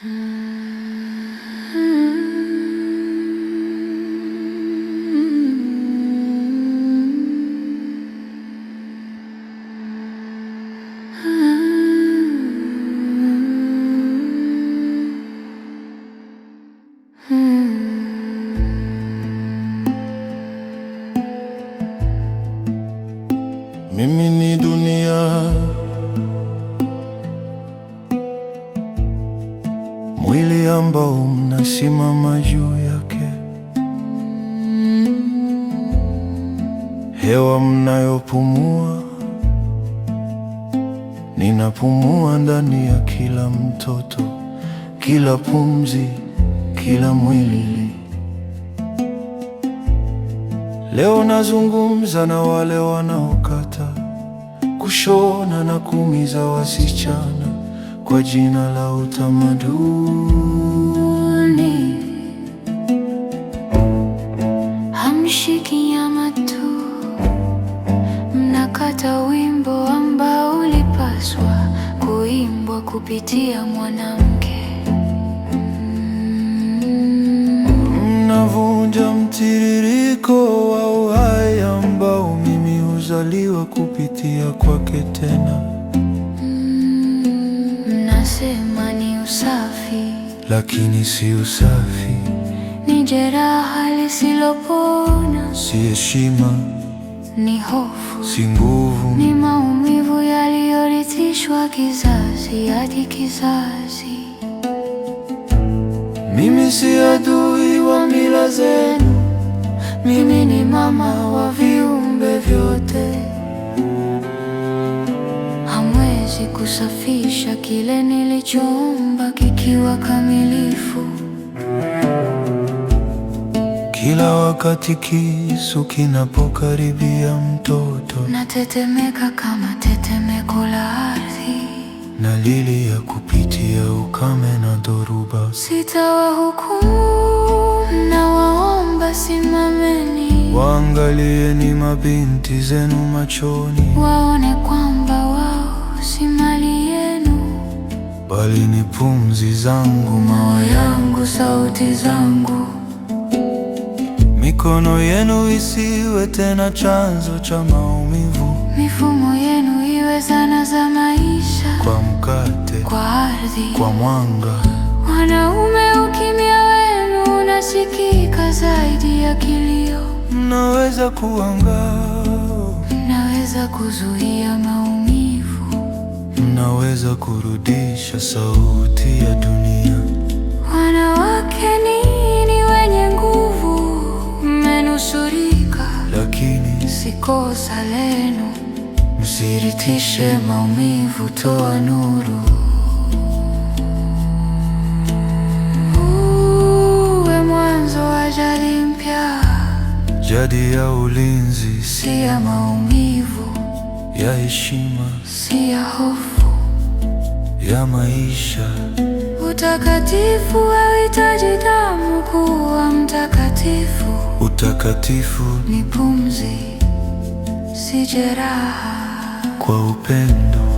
Hmm. ambao mnasimama juu yake, hewa mnayopumua, ninapumua ndani ya kila mtoto, kila pumzi, kila mwili. Leo nazungumza na wale wanaokata, kushona na kumiza wasichana kwa jina la utamaduni. Hamshiki nyama tu, mnakata wimbo ambao ulipaswa kuimbwa kupitia mwanamke. Mnavunja mtiririko wa uhai ambao mimi huzaliwa kupitia kwake tena wanasema ni usafi, lakini si usafi, ni jeraha lisilopona, si heshima, ni hofu, si nguvu, ni maumivu yaliyorithishwa kizazi hadi kizazi. Mimi si adui wa mila zenu, mimi ni mama wa viumbe vyote. Hamwezi kusafiri kile nilichoomba kikiwa kamilifu. Kila wakati kisu kinapokaribia mtoto, natetemeka kama tetemeko la ardhi, ya kupitia ukame na dhoruba. Sitawahukumu, nawaomba simameni, waangalieni mabinti zenu machoni, waone kwa bali ni pumzi zangu, mawa yangu, sauti zangu. Mikono yenu isiwe tena chanzo cha maumivu, mifumo yenu iwe zana za maisha, kwa mkate, kwa ardhi, kwa mwanga. Wanaume, ukimya wenu unasikika zaidi ya kilio. Mnaweza kuangaa, mnaweza kuzuia maumivu wanaweza kurudisha sauti ya dunia. Wanawake nini wenye nguvu, mmenusurika, lakini si kosa lenu. Msiritishe maumivu, toa nuru. Uwe mwanzo wa ajali mpya, jadi ya ulinzi, si ya maumivu, ya heshima, si ya hofu ya maisha. Utakatifu hauhitaji damu kuwa mtakatifu. Utakatifu ni pumzi, si jeraha. Kwa upendo